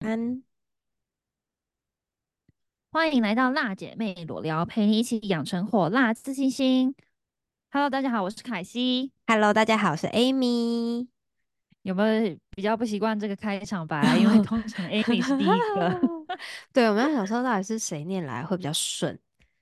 安，歡迎來到辣姊妹裸聊，陪你一起養成火辣自信心。Hello，大家好，我是凱西。Hello，大家好，我是 Amy。有沒有比較不習慣這個開場白？ 因為通常 Amy 是第一個。 對，我們要想說到底是誰念來會比較順，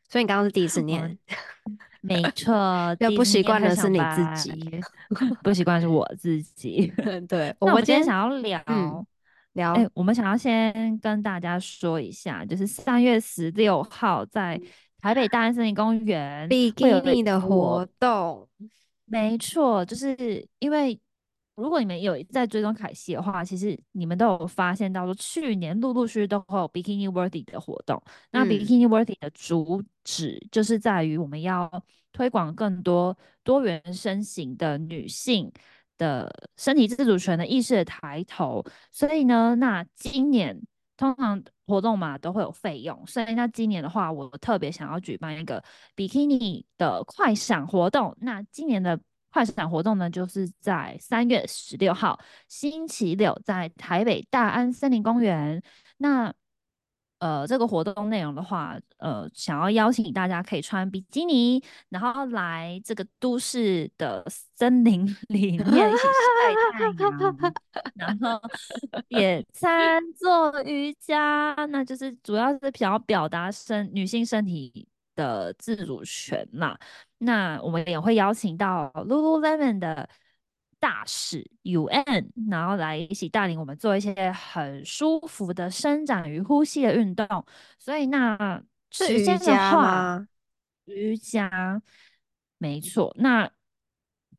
所以你剛剛是第一次念 錯，沒錯。要不習慣的是你自己， 不習慣是我自己。 對 我們今天想要聊。嗯哎聊、欸，我們想要先跟大家說一下，就是三月十六號在台北大安森林公園，Bikini 的活動，沒錯，就是因為如果你們有在追蹤凱西的話，其實你們都有發現到說，去年陸陸續續都會有 Bikini Worthy 的活動。嗯、那 Bikini Worthy 的主旨就是在於我們要推廣更多多元身形的女性。的身體自主權的意識的抬頭，所以呢，那今年通常活動嘛都會有費用。所以那今年的話，我特別想要舉辦一個比基尼的快閃活動。那今年的快閃活動呢，就是在三月十六號星期六，在台北大安森林公園。那呃，這個活動內容的話，呃，想要邀請大家可以穿比基尼，然後來這個都市的森林裡面 一起曬太陽， 然後野餐、做瑜伽， 那就是主要是想要表達身女性身體的自主權嘛。那我們也會邀請到 Lululemon 的。大使 UN，然後來一起帶領我們做一些很舒服的伸展與呼吸的運動。所以那時間的話，瑜伽沒錯。那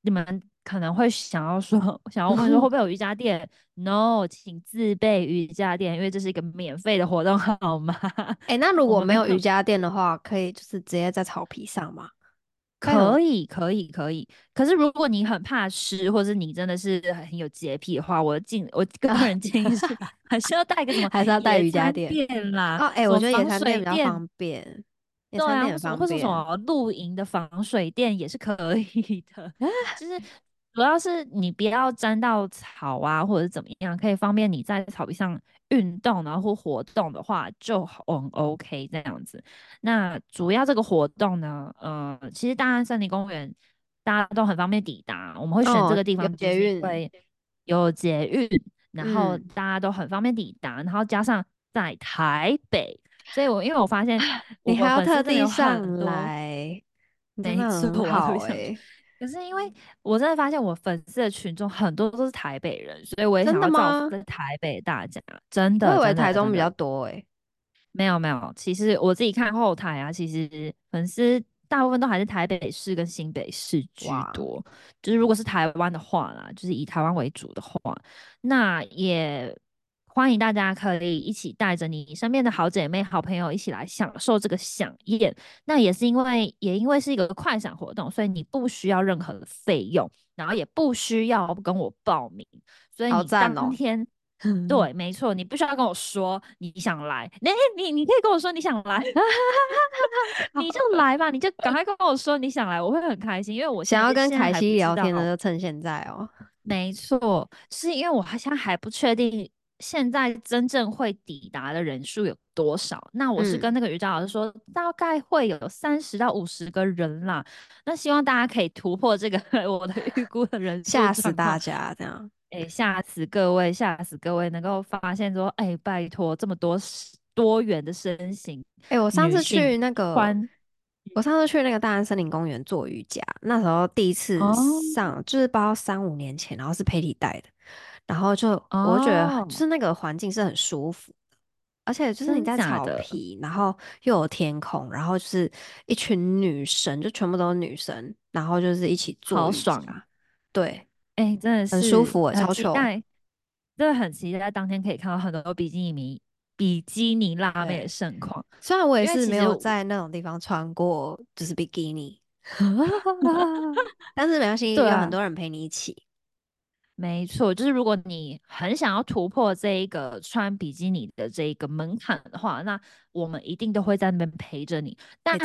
你們可能會想要說，想要問說會不會有瑜伽墊？No，請自備瑜伽墊，因為這是一個免費的活動，好嗎？哎、欸，那如果沒有瑜伽墊的話，可以就是直接在草皮上嗎？可以，可以，可以。可是如果你很怕濕，或是你真的是很有潔癖的話，我建我個人建議是 還是要帶一個什麼， 還是要帶瑜伽墊啦。哦，哎、欸，我覺得瑜伽墊比較方便。對啊，方便或者什麼露營的防水墊也是可以的，就是。 主要是你不要沾到草啊，或者是怎麼樣，可以方便你在草皮上運動，然後或活動的話就很 OK 這樣子。那主要這個活動呢，呃，其實大安森林公園大家都很方便抵達，我們會選這個地方，有捷運，有捷運，然後大家都很方便抵達，然後加上在台北，嗯、所以我因為我發現我你還要特地上來，沒出很好哎、欸。可是因為我真的發現，我粉絲的群眾很多都是台北人，所以我也想造福在台北大家。真的，真的，因我以為台中比較多哎、欸。沒有沒有，其實我自己看後台啊，其實粉絲大部分都還是台北市跟新北市居多。哇就是如果是台灣的話啦，就是以台灣為主的話，那也。歡迎大家可以一起帶着你身邊的好姐妹、好朋友一起來享受這個饗宴。那也是因為，也因為是一個快閃活動，所以你不需要任何費用，然後也不需要跟我報名。所以你當天，喔、對，嗯、沒錯，你不需要跟我說你想來。哎、欸，你你可以跟我說你想來， 你就來吧，你就趕快跟我說你想來，我會很開心，因為我現在現在想要跟凱西聊天的，就趁現在哦、喔。沒錯，是因為我好像還不確定。現在真正會抵達的人數有多少？那我是跟那個瑜伽老師說，嗯、大概會有三十到五十個人啦。那希望大家可以突破這個我的預估的人數，嚇死大家這樣。哎、欸，嚇死各位，嚇死各位，能夠發現說，哎、欸，拜托這麼多多元的身形。哎、欸，我上次去那個，性我上次去那個大安森林公園做瑜伽，那時候第一次上，哦、就是包三五年前，然後是佩蒂帶的。然後就、oh, 我覺得就是那個環境是很舒服的，而且就是你在草皮，然後又有天空，然後就是一群女神，就全部都是女神，然後就是一起坐，好爽啊！對，哎、欸，真的是很舒服、欸，我超期待，瘦真的很期待當天可以看到很多比基尼迷、比基尼辣妹的盛況。雖然我也是沒有在那種地方穿過，就是比基尼， 但是沒關係， 啊、有很多人陪你一起。沒錯，就是如果你很想要突破這一個穿比基尼的這一個門檻的話，那我們一定都會在那邊陪着你。但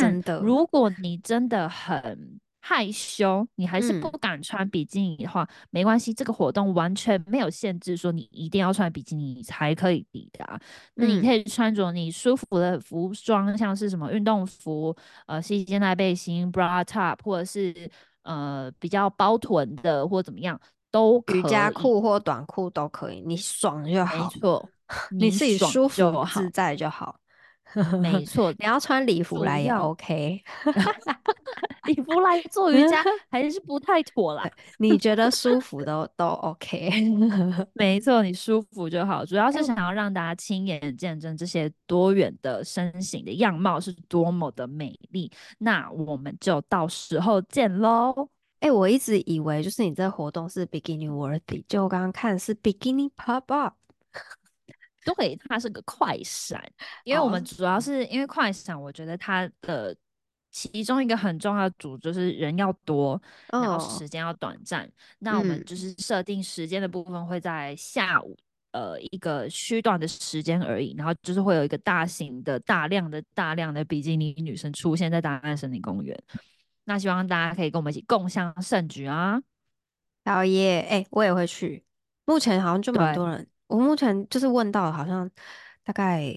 如果你真的很害羞，你還是不敢穿比基尼的話，嗯、沒關係，這個活動完全沒有限制說你一定要穿比基尼才可以抵達。那你可以穿着你舒服的服裝，像是什麼運動服、呃細肩帶背心、bra top，或者是呃比較包臀的，或怎麼樣。都瑜伽褲或短褲都可以，你爽就好。錯你自己舒服就好，自在就好。沒錯， 你要穿禮服來也 OK。要 禮服來做瑜伽 還是不太妥啦。 你覺得舒服都 都 OK。 沒錯，你舒服就好。主要是想要讓大家親眼見證這些多元的身形的樣貌是多麼的美麗。那我們就到時候見嘍。哎、欸，我一直以為就是你這活動是 Bikini worthy，就我剛剛看的是 Bikini pop up， 對，它是個快閃。因為我們主要是、oh. 因為快閃，我覺得它的其中一個很重要的組就是人要多，oh. 然後時間要短暫。那我們就是設定時間的部分會在下午，嗯、呃，一個區段的時間而已。然後就是會有一個大型的、大量的、大量的比基尼女生出現在大安森林公園。那希望大家可以跟我們一起共襄盛舉啊！好耶，哎，我也會去。目前好像就蠻多人，對我目前就是問到好像大概。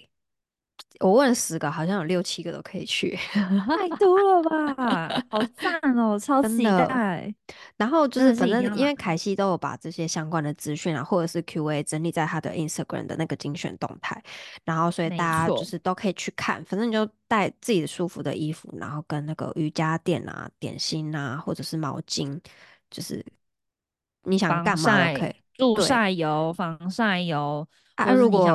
我問了十個，好像有六七個都可以去， 太多了吧？好讚哦，超期待的。然後就是反正因為凱西都有把這些相關的資訊啊，真的啊或者是 Q A 整理在他的 Instagram 的那個精選動態，然後所以大家就是都可以去看。錯反正你就帶自己的舒服的衣服，然後跟那個瑜伽墊啊、點心啊，或者是毛巾，就是你想幹嘛就可以？可助曬油、防曬油。啊,啊，如果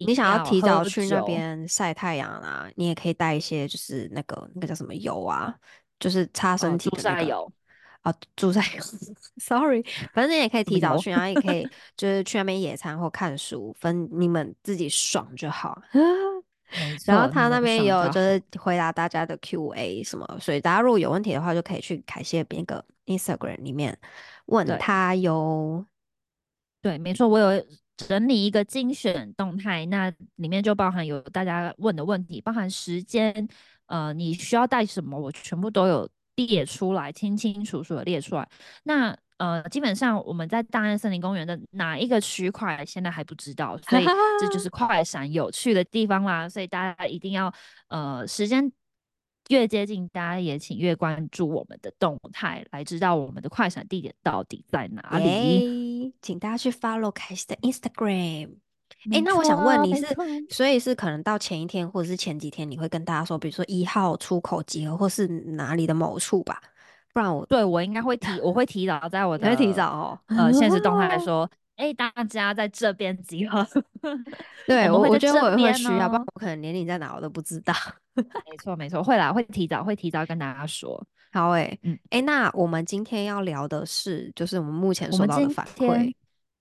你想要提早去那邊曬太陽啊，酒你也可以帶一些，就是那個那個叫什麼油啊，就是擦身體的、那個哦、油。啊，助曬油 ，Sorry，反正你也可以提早去，沒然後也可以就是去那邊野餐或看書， 分你們自己爽就好。錯然後他那邊有就是回答大家的 QA 什, 錯什麼，所以大家如果有問題的話，就可以去凱西的那個 Instagram 裡面問他有。對，沒錯，我有。整理一個精選動態，那裡面就包含有大家問的問題，包含時間，呃，你需要帶什麼，我全部都有列出來，清清楚楚的列出來。那呃，基本上我們在大安森林公園的哪一個區塊，現在還不知道，所以這就是快閃有趣的地方啦， 所以大家一定要呃時間。越接近，大家也請越關注我們的動態，來知道我們的快閃地點到底在哪裡。欸、請大家去 follow 凱西的 Instagram。哎、欸，欸啊、那我想問你是，啊、所以是可能到前一天或者是前幾天，你會跟大家說，比如說一號出口集合，或是哪裡的某處吧？不然我對我應該會提，我會提早在我的 提早哦，呃，限時動態來說。哦。哎，大家在這邊集合。對，我覺得我也會需要，不然我可能年齡在哪我都不知道。沒錯，沒錯，會啦，會提早，會提早跟大家說。好，哎，嗯，哎，那我們今天要聊的是，就是我們目前收到的反饋。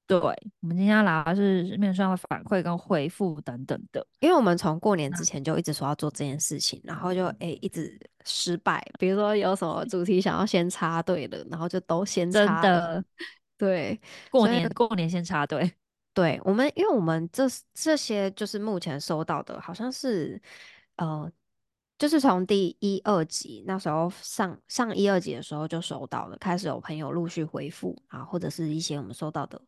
對，我們今天要聊的是面商的反饋跟回復等等的。因為我們從過年之前就一直說要做這件事情，然後就哎一直失敗。比如說有什麼主題想要先插隊的，然後就都先插隊。對，過年過年先插隊。對，我們，因為我們這這些就是目前收到的，好像是呃，就是從第一、二集那時候上上一、二集的時候就收到了，開始有朋友陸續回復啊，或者是一些我們收到的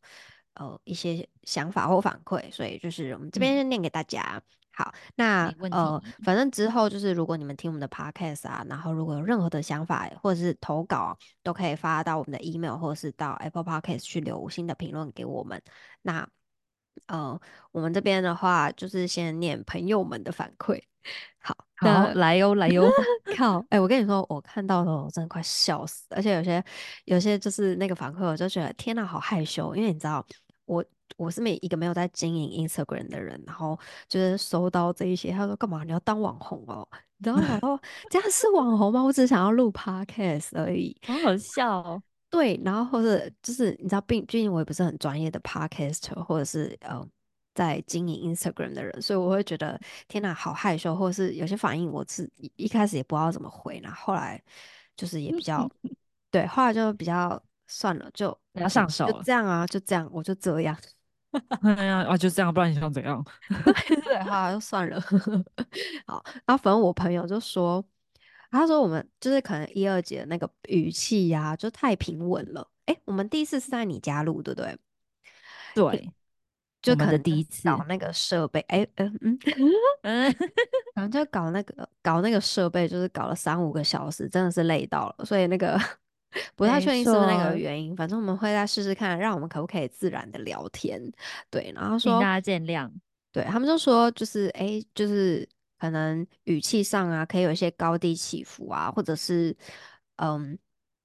呃一些想法或反饋，所以就是我們這邊念給大家。嗯。好，那呃，反正之後就是，如果你們聽我們的 podcast 啊，然後如果有任何的想法或者是投稿，都可以發到我們的 email 或是到 Apple Podcast 去留五星的評論給我們。那呃，我們這邊的話就是先念朋友們的反饋。好、啊、來喲來喲，靠 好！哎、 欸，我跟你說，我看到的我真的快笑死，而且有些有些就是那個反饋，我就覺得天哪、啊，好害羞，因為你知道我。我是每一個沒有在經營 Instagram 的人，然後就是收到這一些，他說幹嘛你要當網紅哦，然後然後， 這樣是網紅嗎？我只想要錄 podcast 而已，很好笑哦。對，然後或者就是你知道，並畢竟我也不是很專業的 podcaster，或者是呃在經營 Instagram 的人，所以我會覺得天哪，好害羞，或者是有些反應，我是一,一開始也不知道怎麼回，然後後來就是也比較 對，後來就比較算了，就要上手，就這樣啊，就這樣，我就這樣。哎呀 啊，就這樣，不然你想怎樣？對，好，就算了。好，然後反正我朋友就說，他說我們就是可能一二集的那個語氣呀、啊，就太平穩了。哎、欸，我們第一次是在你家錄，對不對？對，就可能第一次搞那個設備。哎、欸，嗯嗯嗯，反 正 就搞那個搞那個設備，就是搞了三五個小時，真的是累到了。所以那個。 不太確定是不是那個原因，說反正我們會再試試看，讓我們可不可以自然的聊天。對，然後說大家見諒。對，他們就說就是誒，就是可能語氣上啊，可以有一些高低起伏啊，或者是嗯，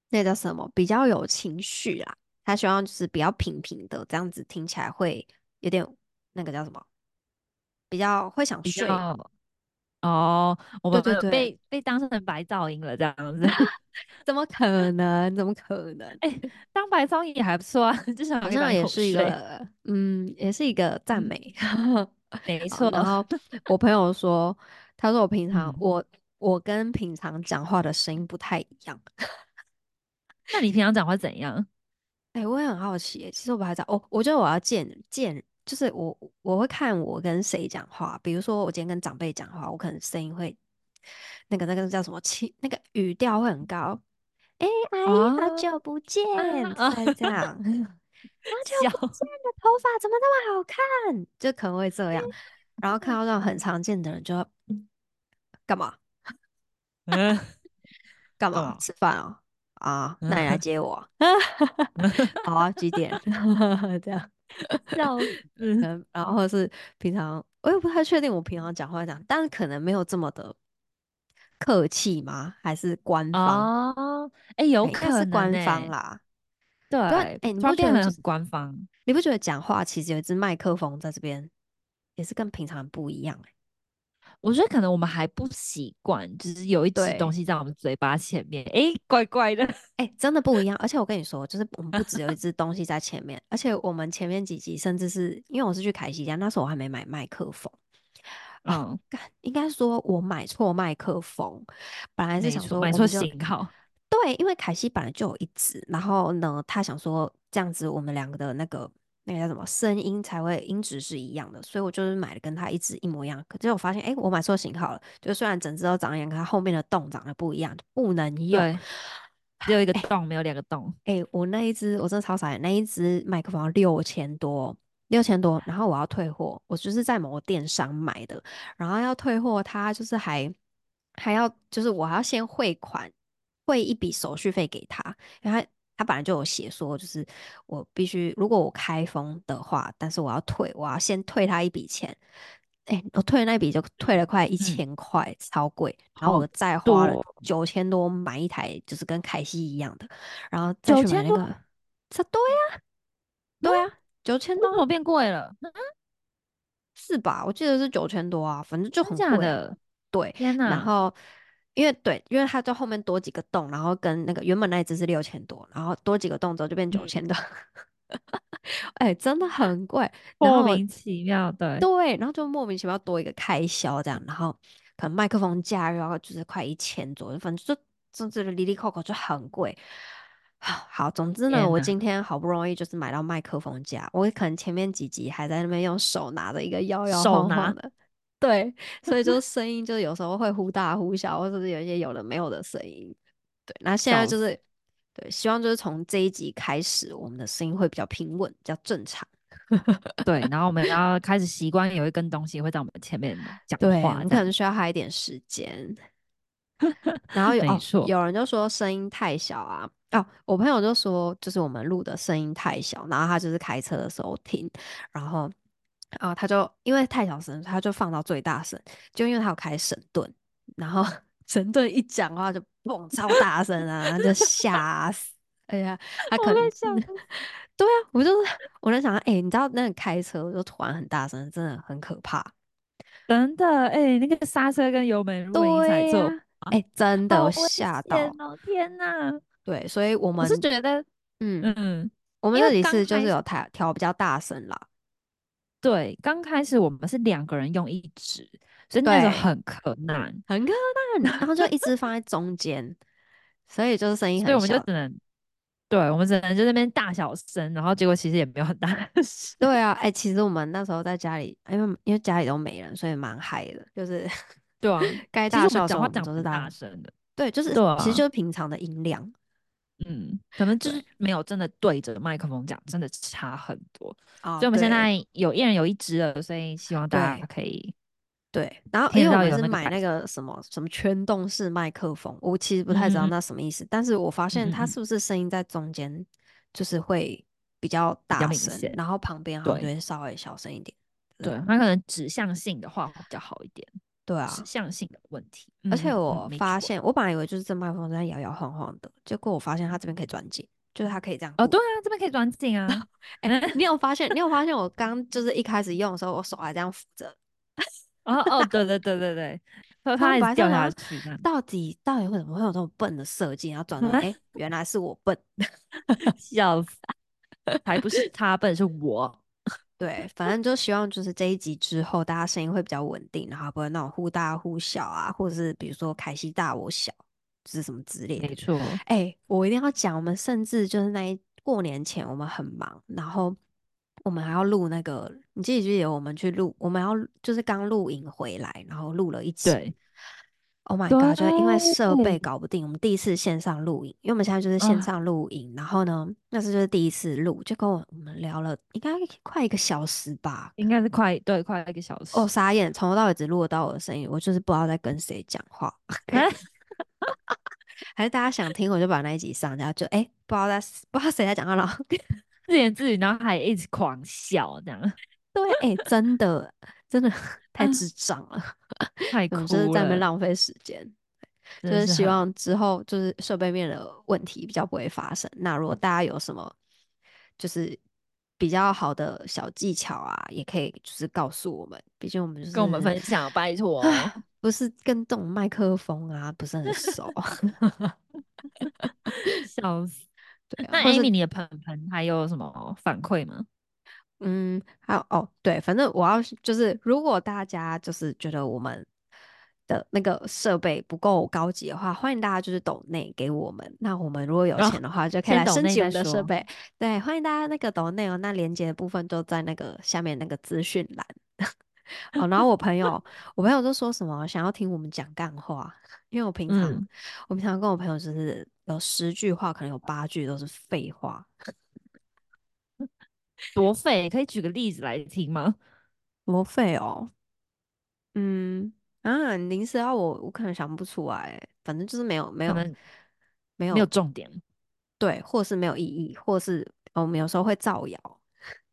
那叫什麼比較有情緒啦。他希望就是比較平平的這樣子，聽起來會有點那個叫什麼比較會想睡，啊，較嗎哦。我們就被對對對，被當成白噪音了這樣子。怎麼可能？怎麼可能？哎、欸，當白噪音也還不錯啊，至少 好像也是一個， 嗯，也是一個讚美，哦，沒錯。然後我朋友說，他說我平常、嗯、我我跟平常講話的聲音不太一樣。 那你平常講話怎樣？哎、欸，我也很好奇、欸。其實我平常，我我覺得我要見見，就是我我會看我跟誰講話。比如說我今天跟長輩講話，我可能聲音會。那個那個叫什麼？氣那個語調會很高。哎，阿姨，好久不見！這樣，好久不見的頭髮怎麼那麼好看？就可能會這樣。然後看到那種很常見的人，就幹嘛？幹嘛？吃飯哦？啊，那你來接我？好啊，幾點？這樣，然後嗯，然後是平常，我也不太確定，我平常講話講，但是可能沒有這麼的。客氣嗎？還是官方？哎、oh, 欸，有可能，欸欸，是官方啦。對，哎、欸，你不覺得是官方？你不覺得講話其實有一隻麥克風在這邊，也是跟平常不一樣？欸？我覺得可能我們還不習慣，就是有一支東西在我們嘴巴前面，哎對、欸，怪怪的。哎、欸，真的不一樣。而且我跟你說，就是我們不只有一隻東西在前面， 而且我們前面幾集甚至是因為我是去凱西家，那時候我還沒買麥克風。嗯， 應該說我買錯麥克風，本來是想說買錯型號。對，因為凱西本來就有一只，然後呢，他想說這樣子我們兩個的那個那個叫什麼聲音才會音質是一樣的，所以我就是買了跟他一只一模一樣。可結果我發現，哎、欸，我買錯型號了，就雖然整只都長一樣，可它後面的洞長得不一樣，不能用。對，只有一個洞，沒有兩個洞。哎、欸欸，我那一只我真的超傻眼，那一只麥克風要六千多。六千多，然後我要退貨，我就是在某個電商買的，然後要退貨，他就是還還要，就是我還要先匯款匯一筆手續費給他，因為他他本來就有寫說，就是我必須如果我開封的話，但是我要退，我要先退他一筆錢。哎，我退了那筆就退了快一千塊，嗯、超貴。然後我再花了九千多買一台，嗯、就是跟凱西一樣的，然後再去買那個，九千多呀？這對呀、啊。對啊對啊九千多我、哦，變貴了？嗯、是吧？我記得是九千多啊，反正就很貴的。對，天哪！然後因為對，因為它在後面多幾個洞，然後跟那個原本那一隻是六千多，然後多幾個洞之後就變九千多。哎、嗯 欸，真的很貴，莫名其妙的。後後對，然後就莫名其妙多一個開銷這樣，然後可能麥克風架要就是快一千左右，反正就就這個 Lilico 就很貴。好，總之呢，Yeah. 我今天好不容易就是買到麥克風架，我可能前面幾集還在那邊用手拿着一個搖搖晃晃的，拿對，所以就聲音就有時候會忽大忽小， 或者是有一些有的沒有的聲音，對。那現在就是手對，希望就是從這一集開始，我們的聲音會比較平穩，比較正常， 對。然後我們要開始習慣 有一根東西會在我們前面講話，對你可能需要花還一點時間。 然後有、哦、錯有人就說聲音太小啊。哦，我朋友就說，就是我們錄的聲音太小，然後他就是開車的時候聽，然後啊，他就因為太小聲，他就放到最大聲，就因為他有開神盾，然後神盾一講話就砰，超大聲啊， 就嚇死！ 哎呀，他可能想、嗯，對啊，我就我在想，哎、欸，你知道那個開車就突然很大聲，真的很可怕，真的，哎、欸，那個剎車跟油門錄哎、啊欸，真的嚇到、哦，天哪！對，所以我們我是覺得，嗯嗯嗯，我們這裡是就是有台調比較大聲啦。對，剛開始我們是兩個人用一支，所以那時候很克難，對很克難。然後就一支放在中間， 所以就是聲音很小。對，我們就只能，對，我們只能就在那邊大小聲，然後結果其實也沒有很大聲。對啊，哎、欸，其實我們那時候在家裡，因為因為家裡都沒人，所以蠻嗨的，就是對啊，該 大聲小聲都是大聲、啊、的。對，就是、啊、其實就是平常的音量。嗯，可能就是沒有真的對着麥克風講，對真的差很多。啊、所以我們現在有一對人有一支了，所以希望大家可以對，對。然後，也有因為我也是買那個什麼什麼圈動式麥克風，我其實不太知道那什麼意思。嗯、哼但是我發現它是不是聲音在中間就是會比較大聲，嗯嗯、然後旁邊對稍微小聲一點。對，吧對，它可能指向性的話會比較好一點。對啊，指向性的問題。嗯、而且我發現，嗯、我本來以為就是這麥克風在搖搖晃晃的，結果我發現它這邊可以轉緊，就是它可以這樣。哦，對啊，這邊可以轉緊啊。哎、 欸，你有發現？ 你有發現？我剛就是一開始用的時候，我手還這樣扶着。 哦哦，對對對對對。它會 掉下去。 到底到底為什麼會有這麼笨的設計？然後轉到，哎、 欸，原來是我笨。笑死！ 還不是他笨，是我。對，反正就希望就是這一集之後，大家聲音會比較穩定，然後不會那種忽大忽小啊，或者是比如說凱西大我小，就是什麼之類。沒錯，哎，我一定要講，我們甚至就是那一過年前我們很忙，然後我們還要錄那個，你記得記得我們去錄，我們還要就是剛錄影回來，然後錄了一集。對 Oh my god！對就因為設備搞不定，我們第一次線上錄影，因為我們現在就是線上錄影。Oh. 然後呢，那時就是第一次錄，就跟我我們聊了應該快一個小時吧，應該是快對快一個小時。哦，oh, 傻眼，從頭到尾只錄得到我的聲音，我就是不知道在跟誰講話。 還是大家想聽，我就把那一集上，然後就哎、欸，不知道在不知道誰在講話了， 自言自語，然後還一直狂笑，這樣。對，哎、欸，真的真的太智障了。嗯太苦了，就是在那浪費時間，是就是希望之後就是設備面的問題比較不會發生。嗯、那如果大家有什麼就是比較好的小技巧啊，也可以就是告訴我們，畢竟我們、就是、跟我們分享，拜託、喔，不是跟這種麥克風啊不是很熟，笑死。那 Amy 你的朋友還有什麼反饋嗎？嗯，還有哦，對，反正我要就是，如果大家就是覺得我們的那個設備不夠高級的話，歡迎大家就是抖內給我們，那我們如果有錢的話，就可以來升級我們的設備。對，歡迎大家那個抖內哦，那連接的部分就在那個下面那個資訊欄。 哦，然後我朋友， 我朋友都說什麼想要聽我們講幹話，因為我平常、嗯、我平常跟我朋友就是有十句話，可能有八句都是廢話。多廢，你可以舉個例子來聽嗎？多廢哦，嗯啊，臨時要我，我可能想不出來。反正就是沒有沒有能沒有沒有重點，對，或是沒有意義，或是我們、哦、有時候會造謠，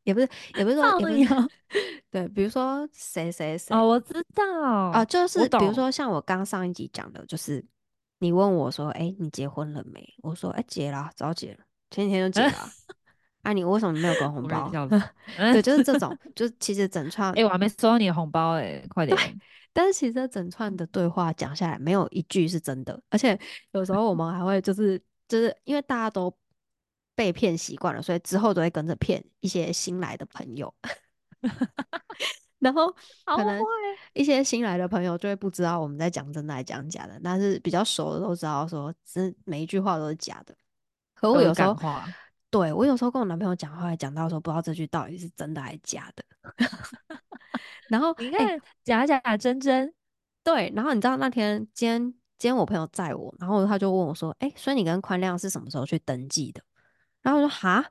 也不是也不是說造謠，對，比如說誰誰誰，哦，我知道，哦、啊，就是懂比如說像我剛上一集講的，就是你問我說，哎、欸，你結婚了沒？我說，哎、欸，結了，早結了，前幾天就結了。 哎，啊、你為什麼沒有關紅包、啊？嗯、對，就是這種，就是其實整串，哎、欸，我還沒收到你的紅包、欸，哎，快點！但是其實整串的對話講下來，沒有一句是真的，而且有時候我們還會就是 就是因為大家都被騙習慣了，所以之後都會跟着騙一些新來的朋友。 然後可能一些新來的朋友就會不知道我們在講真的還是講假的，但是比較熟的都知道說，真每一句話都是假的。可我有時候。對，我有時候跟我男朋友講話，講到說不知道這句到底是真的還是假的。 然後你看、欸、假假，假真真，對。然後你知道那天今天今天我朋友載我，然後他就問我說：“哎、欸，所以你跟寬亮是什麼時候去登記的？”然後我說：“哈。”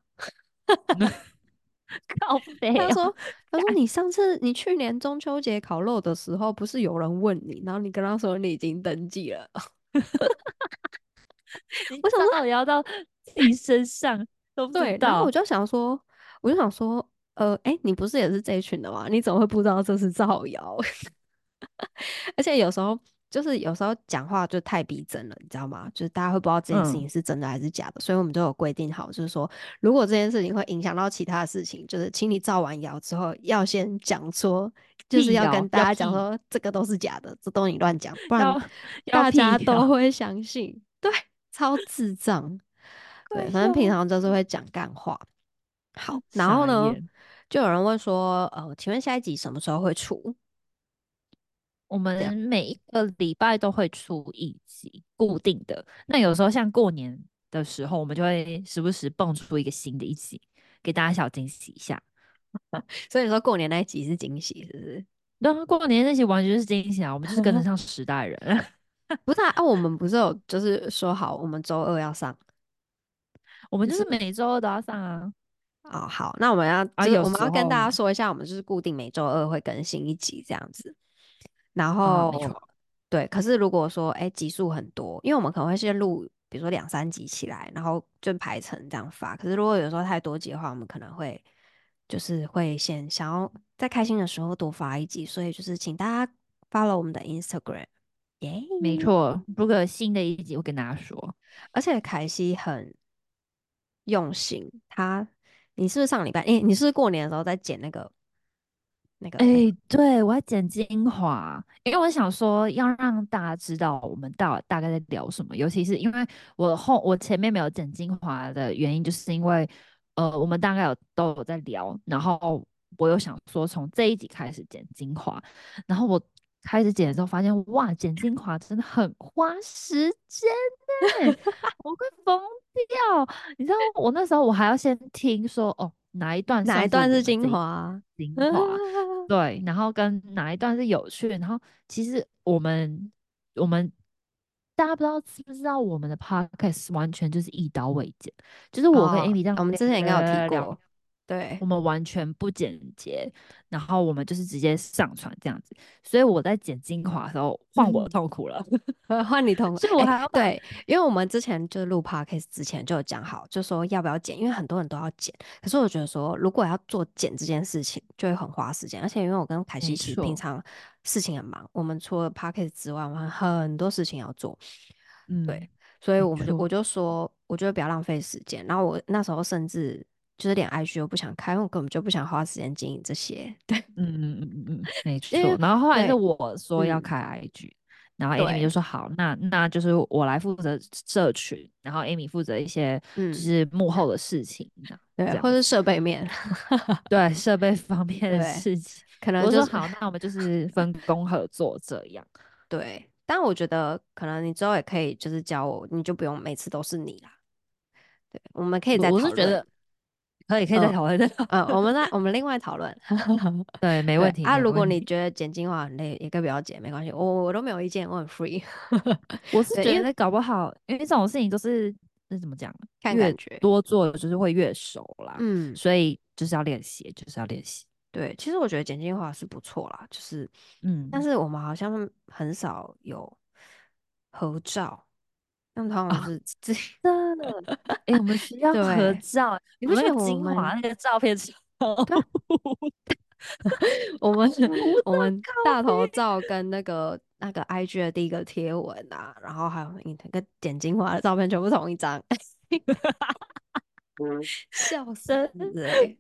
靠北。 他說：“他 說 你上次你去年中秋節烤肉的時候，不是有人問你，然後你跟他說你已經登記了。 ” 為什麼 我搖到你身上。對，然後我就想說，我就想說，呃，哎、欸，你不是也是這一群的嗎？你怎麼會不知道這是造謠？ 而且有時候就是有時候講話就太逼真了，你知道嗎？就是大家會不知道這件事情是真的還是假的，嗯、所以我們都有規定好，就是說如果這件事情會影響到其他的事情，就是請你造完謠之後要先講說，就是要跟大家講說這個都是假的，這都你亂講，不然大家都會相信。對， 超智障。對，反正平常就是會講幹話。好，然後呢，傻眼。就有人問說，呃，請問下一集什麼時候會出？我們每一個禮拜都會出一集固定的。嗯。那有時候像過年的時候，我們就會時不時蹦出一個新的一集，給大家小驚喜一下。 所以說過年那集是驚喜，是不是？對，過年那些完全是驚喜啊！我們就是跟得上時代人， 不是啊，啊？我們不是有就是說好，我們週二要上。我們就是每周二都要上啊！哦，好，那我們要，而且我們要跟大家說一下，我們就是固定每周二會更新一集這樣子。然後，哦，沒錯，對，可是如果說，哎，集數很多，因為我們可能會先錄，比如說兩三集起來，然後就排成這樣發。可是如果有時候太多集的話，我們可能會就是會先想要在開心的時候多發一集，所以就是請大家 follow 我們的 Instagram。耶，沒錯，嗯，如果新的一集我跟大家說，而且凱西很用心，他，你是不是上禮拜？誒，你是不是過年的時候在剪那個，那個？誒，對，我要剪精華，因為我想說要讓大家知道我們大大概在聊什麼，尤其是因為我後我前面沒有剪精華的原因，就是因為呃，我們大概有都有在聊，然後我又想說從這一集開始剪精華，然後我。開始剪的時候，發現哇，剪精華真的很花時間呢、欸， 我快瘋掉。你知道我那時候，我還要先聽說哦，哪一段,一段哪一段是精華，精華，對，然後跟哪一段是有趣。然後其實我們我們大家不知道知不是知道，我們的 podcast 完全就是一刀未剪，就是我跟 Amy，這樣我們之前應該有提過。聊聊聊聊對我們完全不剪接，然後我們就是直接上傳這樣子，所以我在剪精華的時候換我痛苦了，嗯，換你痛苦。所以我還要對，因為我們之前就錄 podcast 之前就講好，就說要不要剪，因為很多人都要剪。可是我覺得說，如果要做剪這件事情，就會很花時間。而且因為我跟凱西一起，平常事情很忙，錯我們除了 podcast 之外，我們很多事情要做。嗯、對，所以我們就錯我就說，我覺得比較浪費時間。然後我那時候甚至。就是連 IG 都不想開，我根本就不想花時間經營這些。對，嗯嗯嗯嗯嗯，沒錯。為然後後來是我說要開 IG，、嗯、然後 Amy 對就說好，那那就是我來負責社群，然後 Amy 負責一些就是幕後的事情，嗯、對，或者設備面， 對設備方面的事情，可能就，是、就好，那我們就是分工合作這樣。 對，但我覺得可能你之後也可以就是教我，你就不用每次都是你啦。對，我們可以再討論。我是覺得可以可以再討論，嗯，我們那我們另外討論，對，沒問題。啊，如果你覺得剪精華很累，也可以不要剪，沒關係，我我都沒有意見，我很 free。我是覺得搞不好，因為這種事情都是那怎麼講，看感覺多做就是會越熟啦，嗯，所以就是要練習，就是要練習。對，其實我覺得剪精華是不錯啦，就是嗯，但是我們好像很少有合照。用唐老師是真的，哎、oh. 欸，我們需要合照。你不是精華那個照片 我們我們大頭照跟那個那個 IG 的第一個貼文啊，然後還有你那個點精華的照片，全部同一張。 嗯、笑聲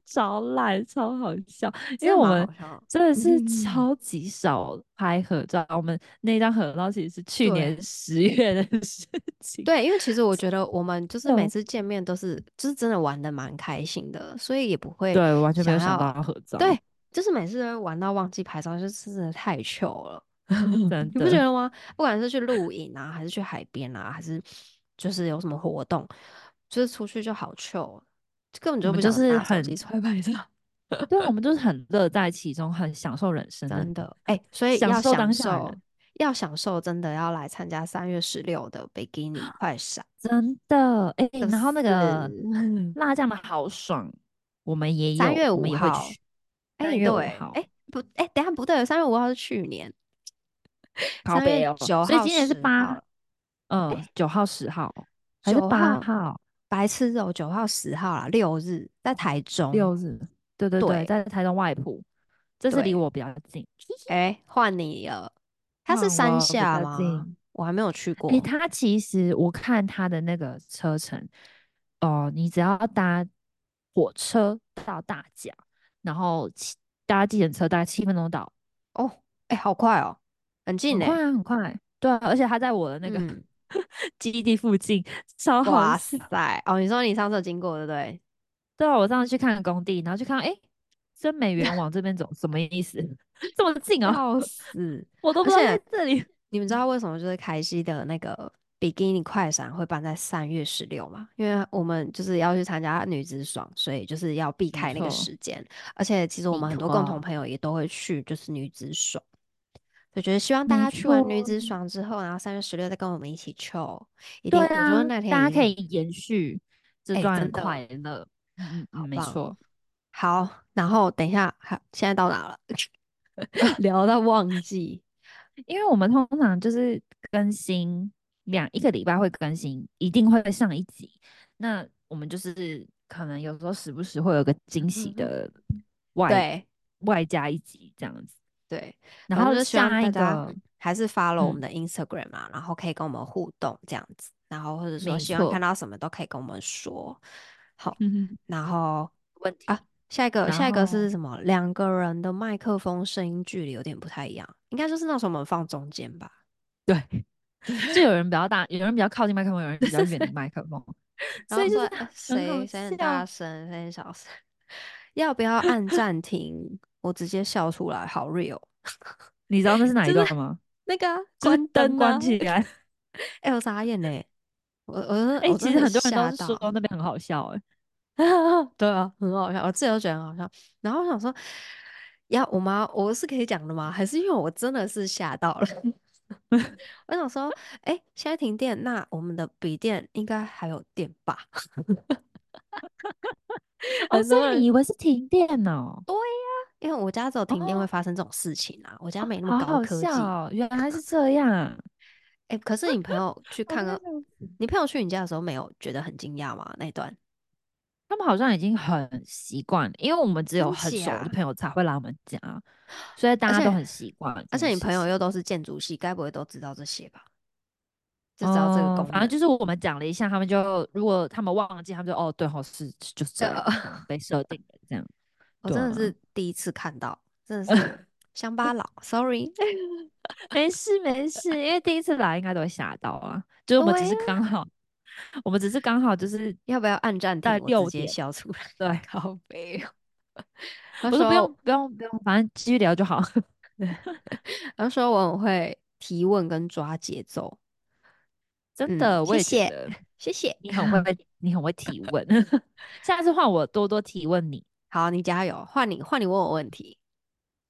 超爛，超好笑。因為我們真的是超級少拍合照，嗯、我們那張合照其實是去年十月的事情。對，因為其實我覺得我們就是每次見面都是，對就是真的玩的蠻開心的，所以也不會對完全沒有想到要合照。對，就是每次都會玩到忘記拍照，就是真的太糗了。嗯、你不覺得嗎？ 不管是去露營啊，還是去海邊啊，還是就是有什麼活動。就是出去就好糗，這根本就不就是很崇拜的。對，我們就是很樂在其中，很享受人生，真的。哎，所以要享受，要享受，真的要來參加三月十六的比基尼快閃，真的。哎，然後那個辣醬嘛，好爽，我們也有。三月五號，哎，對，號，哎，不，哎，等下不對，三月五號是去年，三月九號，所以今年是八，嗯，九號、十號還是八號？來吃肉，九號、十號啦，六日在台中，六日，對對對，對，在台中外埔，這是離我比較近。哎，換你了，換我，他是山下嗎？我，我還沒有去過。欸、他其實我看他的那個車程，哦、呃，你只要搭火車到大甲，然後搭計程車大概七分鐘到。哦，哎、欸，好快哦，很近哎、欸啊，很快、欸，對，而且他在我的那個。嗯基地附近，超好！哇塞，哦、oh,，你說你上次有經過對不對？對我上次去看工地，然後去看，哎，這美元往這邊走， 什麼意思？這麼近啊！好死是，我都不知道在這裡。你們知道為什麼就是凱西的那個比基尼快閃會辦在三月十六嗎？因為我們就是要去參加女子爽，所以就是要避開那個時間。錯而且其實我們很多共同朋友也都會去，就是女子爽。我覺得希望大家去完女子爽之後，都然後三月十六再跟我們一起抽，一定。對啊，我覺得那天大家可以延續這段快樂。嗯、欸，好棒，沒錯。好，然後等一下，好，現在到哪了？ 聊到忘記， 因為我們通常就是更新兩一個禮拜會更新，一定會上一集。那我們就是可能有時候時不時會有個驚喜的外、嗯、對外加一集這樣子。對，然後就是希望大家還是 follow 我們的 Instagram 啊，然後下一個，嗯、然後可以跟我們互動這樣子，然後或者說希望看到什麼都可以跟我們說。錯好，嗯、哼然後問題啊，下一個後下一個是什麼？兩個人的麥克風聲音距離有點不太一樣，應該就是那時候我們放中間吧？對，就有人比較大，有人比較靠近麥克風，有人比較遠的麥克風。所以 說誰誰、欸、很，很大聲，誰小聲？要不要按暫停？ 我直接笑出來，好 real！你知道那是哪一段嗎？那個、啊、關燈、啊、關起來，哎、 欸，我傻眼嘞，我、我真的、欸、我真的嚇到、欸、其實很多人都是說到那邊很好笑哎， 對啊，很好笑，我自己都覺得很好笑。然後我想說，呀，我媽，我是可以講的嗎？還是因為我真的是嚇到了？ 我想說，哎、欸，現在停電，那我們的筆電應該還有電吧？我、 哦、所以你以為是停電哦、喔？ 對呀、啊。因為我家只有停電會發生這種事情啊，哦、我家沒那麼高科技、哦好好笑哦，原來是這樣，哎、欸，可是你朋友去看了， 你朋友去你家的時候沒有覺得很驚訝嗎？那一段他們好像已經很習慣，因為我們只有很熟的朋友才會來我們家，且所以大家都很習慣。而且，而且你朋友又都是建築系，該不會都知道這些吧？就知道這個功能，哦、反正就是我們講了一下，他們就如果他們忘記，他們就哦對哦，好是就是被設定的這樣。我真的是第一次看到，真的是鄉巴佬。Sorry，沒事沒事，因為第一次來應該都會嚇到啊。就是我們只是剛好，我們只是剛好，就是要不要按暫停？直接消除了。對，靠北。我說不用不用不用，反正繼續聊就好。然後說我很會提問跟抓節奏，真的，謝謝謝謝。你很會問，你很會提問。下次換我多多提問你。好，你加油。換你，換你問我問題。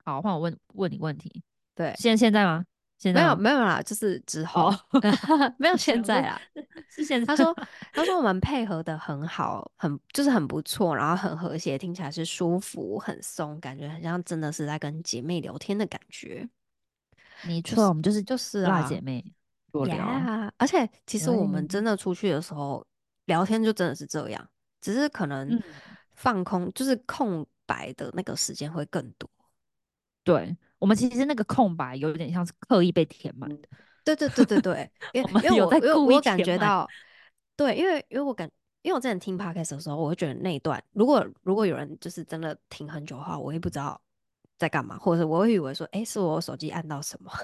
好，換我問問你問題。對，現在現在嗎？現在沒有沒有啦，就是之後 沒有現在啦。是 現在啦。他說他說我們配合得很好，很就是很不錯，然後很和諧，聽起來是舒服，很鬆，感覺很像真的是在跟姐妹聊天的感覺。沒錯錯，就是、我們就是就是辣姐妹，啊、Yeah. 裸聊、啊。而且其實我們真的出去的時候 Yeah. 聊天就真的是這樣，只是可能。嗯放空就是空白的那個時間會更多，對，我們其實那個空白有點像是刻意被填滿的。對、嗯、對對對對，因為 我們有在故意填滿。因為我我我感覺到。 對，因為因為我感覺，因為我在聽 podcast 的時候，我會覺得那一段，如果如果有人就是真的停很久的話，我也不知道在幹嘛，或者我會以為說，哎、欸，是我手機按到什麼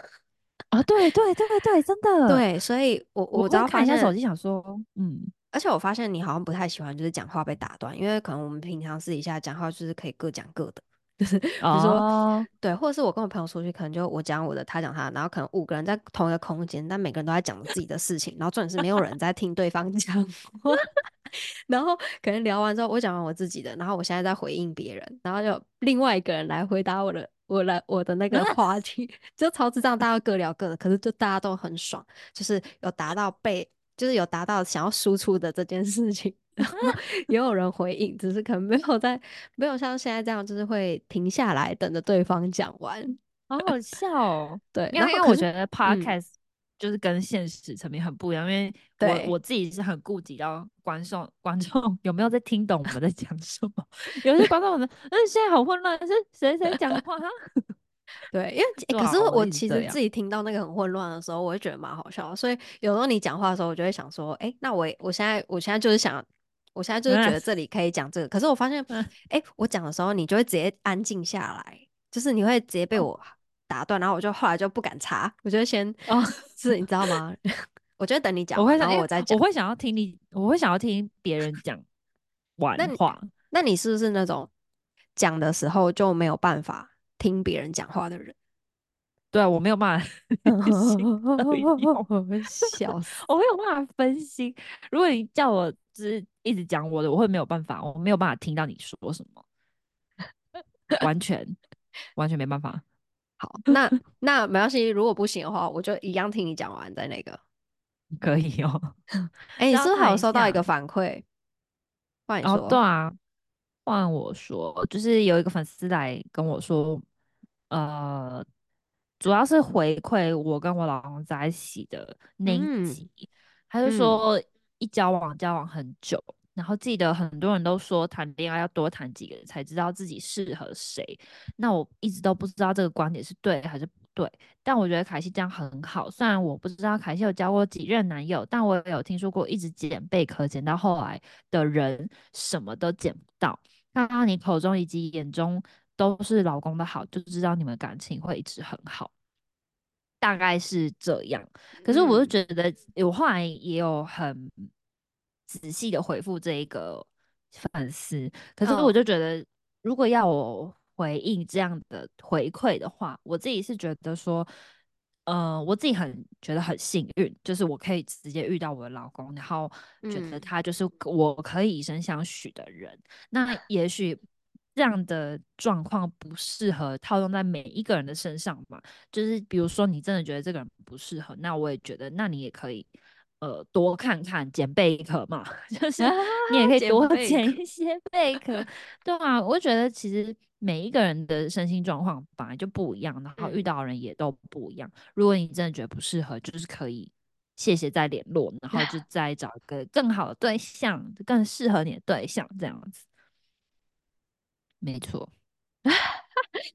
啊？對對對對對，真的。對，所以我我只要看一下手機，想說，嗯。而且我發現你好像不太喜歡，就是講話被打斷，因為可能我們平常私底下講話就是可以各講各的， 就是比如說、oh. 對，或者是我跟我朋友出去，可能就我講我的，他講他，然後可能五個人在同一個空間，但每個人都在講自己的事情， 然後重點是沒有人在聽對方講。 然後可能聊完之後，我講完我自己的，然後我現在在回應別人，然後就另外一個人來回答我的，我來我的那個話題， 就超智障，大家各聊各的，可是就大家都很爽，就是有達到被。就是有達到想要輸出的這件事情，然後也有人回應，啊、只是可能沒有在，沒有像現在這樣，就是會停下來等着對方講完。好好笑。哦，對，因為我覺得 Podcast，嗯、就是跟現實層面很不一樣，因為我對我自己是很顧及到觀眾，觀眾有沒有在聽懂我們在講什麼？ 有些觀眾可能嗯，現在好混亂，是誰誰講話？ 對，因為可是我其實自己聽到那個很混亂的時候，我就覺得蠻好笑。所以有時候你講話的時候，我就會想說：哎，那我我現在我現在就是想，我現在就是覺得這裡可以講這個。可是我發現，哎，我講的時候你就會直接安靜下來，就是你會直接被我打斷，然後我就後來就不敢插。我就先哦，是，你知道嗎？我就會等你講，我會然後我再講，我會想要聽你，我會想要聽別人講完話。那你是不是那種講的時候就沒有辦法？聽別人講話的人，對啊，我沒有辦法、 嗯、我沒有辦法分心。如果你叫我就是一直講我的，我會沒有辦法，我沒有辦法聽到你說什麼， 完全完全沒辦法。好，那那沒關係。如果不行的話，我就一樣聽你講完，在那個可以哦。哎、欸，道你是不是還有收到一個反饋？像哦，對啊，換我說，就是有一個粉絲來跟我說。呃，主要是回饋我跟我老公在一起的那一集，他、嗯、就說一交往交往很久，嗯、然後記得很多人都說談戀愛要多談幾個才知道自己適合誰，那我一直都不知道這個觀點是對還是不對，但我覺得凱西這樣很好。雖然我不知道凱西有交過幾任男友，但我也有聽說過一直撿貝殼撿到後來的人什麼都撿不到，剛剛你口中以及眼中。都是老公的好，就知道你們感情會一直很好，大概是這樣。可是我就覺得，嗯、我後來也有很仔細的回復這一個粉絲。可是我就覺得，哦、如果要我回應這樣的回饋的話，我自己是覺得說，嗯、呃，我自己很覺得很幸運，就是我可以直接遇到我的老公，然後覺得他就是我可以以身相許的人。嗯、那也許。這樣的狀況不適合套用在每一個人的身上嘛？就是比如說，你真的覺得這個人不適合，那我也覺得，那你也可以，呃，多看看撿貝殼嘛， 就是你也可以多撿一些貝殼，對啊，我覺得其實每一個人的身心狀況本來就不一樣，然後遇到的人也都不一樣。如果你真的覺得不適合，就是可以謝謝再聯絡，然後就再找個更好的對象，更適合你的對象這樣子。沒錯，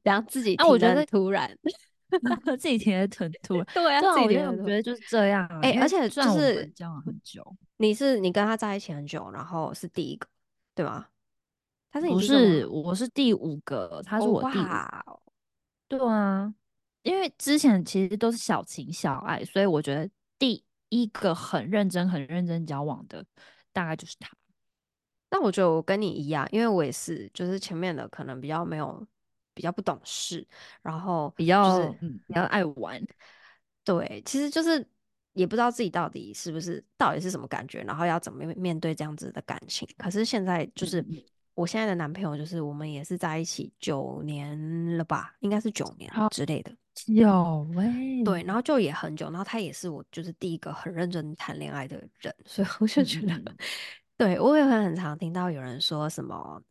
然後自己，啊，我覺得 突然、 啊，啊、自己挺的很突然，對啊，我覺得就是這樣。哎，而且就是算交往很久，你是你跟他在一起很久，然後是第一個，對嗎？他是不是我是第五個，他是我第，oh, wow 對啊，因為之前其實都是小情小愛，所以我覺得第一個很認真、很認真交往的，大概就是他。那我就跟你一樣，因為我也是，就是前面的可能比較沒有，比較不懂事，然後比較比較愛玩。較對，其實就是也不知道自己到底是不是，到底是什麼感覺，然後要怎麼面對這樣子的感情。可是現在就是、嗯、我現在的男朋友，就是我們也是在一起九年了吧，應該是九年了之類的。有餵對，然後就也很久，然後他也是我就是第一個很認真談戀愛的人，所以我就覺得、嗯。 對，我也會很常聽到有人說什麼，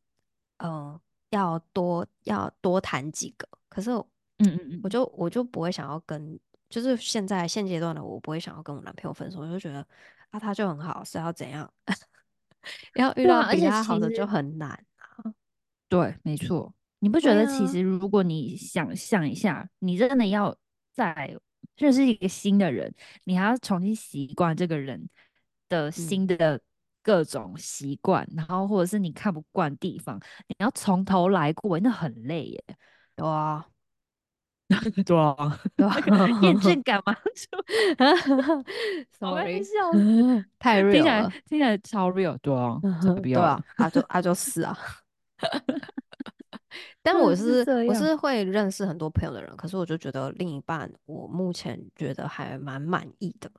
嗯，要多要多談幾個，可是，嗯嗯嗯，我就我就不會想要跟，就是現在現階段的我不會想要跟我男朋友分手，我就覺得啊，他就很好，是要怎樣？ 要遇到比他好的就很難啊。對，啊啊對，沒錯，你不覺得其實如果你想象一下，啊、你真的要再認識一個新的人，你還要重新習慣這個人的新的、嗯。各種習慣，然後或者是你看不慣地方，你要從頭來過，那很累耶。多多驗證幹嘛，就啊，開玩笑，太 real，聽起來聽起來超 real，多對啊， 對啊就啊就是啊。 但我是，嗯，我是，我是會認識很多朋友的人，可是我就覺得另一半，我目前覺得還蠻滿意的。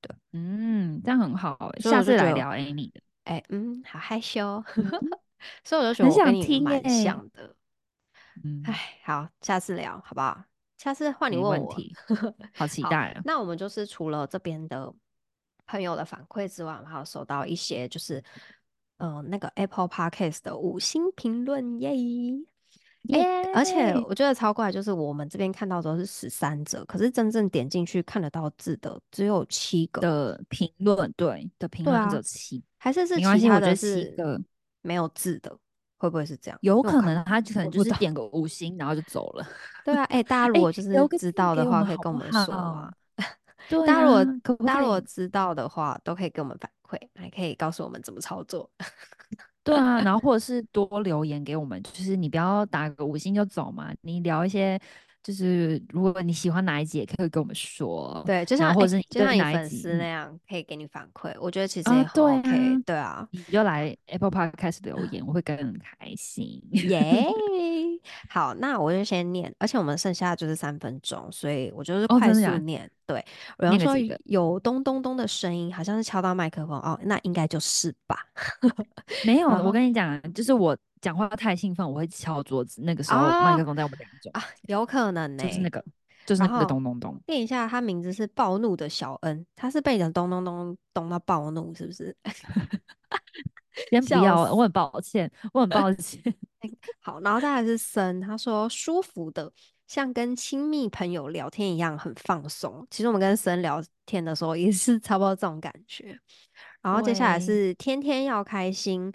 對嗯，這樣很好，欸。下次來聊 Amy 的，哎、欸，嗯，好害羞， 所以我就覺得我跟你蠻像的。欸、嗯，哎，好，下次聊，好不好？下次換你問我，問題好期待啊！那我們就是除了這邊的朋友的反饋之外，還有收到一些就是，嗯、呃，那個 Apple Podcast 的五星評論，耶、yeah!！哎 Yeah.、欸，而且我覺得超怪，就是我們這邊看到都是十三則，可是真正點進去看得到字的只有七個的評論，對的評論只有七、啊，還是是其他的七個沒有字的，會不會是這樣？有可能他可能就是點個五星然後就走了。對啊，哎、欸，大家如果就是知道的話，可以跟我們說啊。欸哦、大家如果 大家如果知道的話，都可以給我們反饋、啊以，還可以告訴我們怎麼操作。 對啊，然後或者是多留言給我們，就是你不要打個五星就走嘛，你聊一些。就是如果你喜歡哪一集，也可以跟我們說。對，就像或者是、欸、就像你粉絲那樣，可以給你反饋。我覺得其實也很 OK、啊。對啊，對啊，你就來 Apple Podcast 留言，嗯、我會更開心。耶 Yeah！ 好，那我就先念。而且我們剩下的就是三分鐘，所以我就是快速念。哦、真的假的？對，然後說有咚咚咚的聲音，好像是敲到麥克風哦，那應該就是吧？ 沒有，嗯、我跟你講，就是我。講話太興奮，我會敲我桌子。那個時候麥、哦、克風在我們手中啊，有可能呢、欸。就是那個，就是那個咚咚咚。念一下，他名字是暴怒的小恩，他是被人咚，咚咚咚咚到暴怒，是不是？ 先不要，死我很抱歉，我很抱歉。 好，然後再來是森。 他說舒服的，像跟親密朋友聊天一樣，很放鬆。其實我們跟森 聊天的時候也是差不多這種感覺。然後接下來是天天要開心。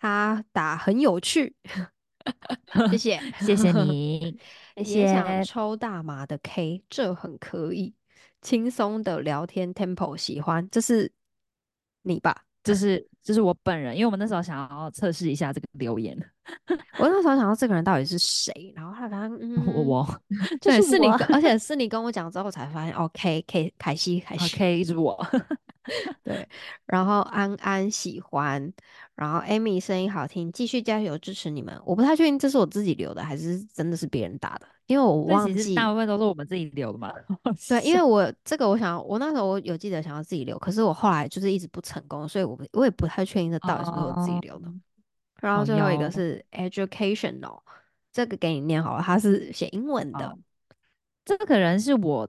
他打很有趣， 謝謝謝謝你，謝謝抽大麻的 K，這很可以，輕鬆的聊天 tempo 喜歡，這是你吧？這是這是我本人，因為我們那時候想要測試一下這個留言， 我那時候想到這個人到底是誰，然後他，嗯、我，我對，我，就是，是你，而且是你跟我講之後，才發現，OK，K，凱西，凱西、 OK，K，一直 OK, 是我。 對，然後安安喜歡，然後艾米聲音好聽，繼續加油，支持你們。我不太確定這是我自己留的還是真的是別人打的，因為我忘記大部分都是我們自己留的嘛。 對，因為我這個我想我那時候我有記得想要自己留，可是我後來就是一直不成功，所以我我也不太確定這到底是不是我自己留的。Oh, oh. 然後最後一個是 educational，Oh, oh. 這個給你念好了，它是寫英文的。Oh. 這個人是我。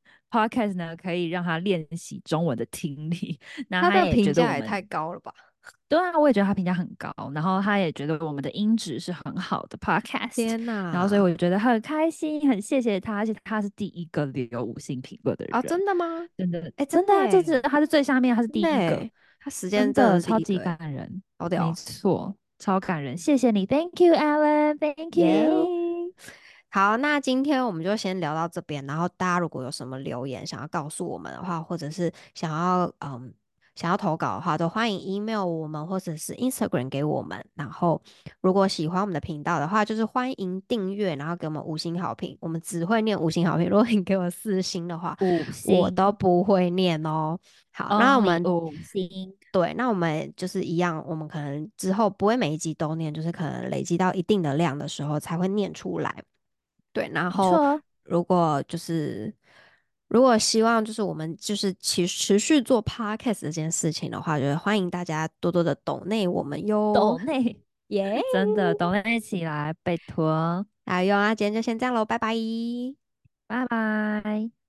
Podcast 呢，可以讓他練習中文的聽力。他，他的評價也太高了吧？對啊，我也覺得他評價很高。然後他也覺得我們的音質是很好的 Podcast。天哪！然後所以我覺得很開心，很謝謝他，而且他是第一個留五星評論的人啊！真的嗎？真的，哎、欸，真的、啊，這次對他是最下面，他是第一個，對他時間真的超級感人，超屌，沒錯，超感人，謝謝你，Thank you，Alan，Thank you。好，那今天我們就先聊到這邊。然後大家如果有什麼留言想要告訴我們的話，或者是想要嗯想要投稿的話，都歡迎 email 我們或者是 Instagram 給我們。然後如果喜歡我們的頻道的話，就是歡迎訂閱，然後給我們五星好評。我們只會念五星好評。如果你給我四星的話，五星，我都不會念哦。好，only 那我們五星，對，那我們就是一樣，我們可能之後不會每一集都念，就是可能累積到一定的量的時候才會念出來。對，然後如果就是、啊、如果希望就是我們就是持持續做 podcast 這件事情的話，就是、歡迎大家多多的抖內我們喲，抖內耶，Yeah 真的抖內一起來，拜托，還有那今天就先這樣嘍，拜拜，拜拜。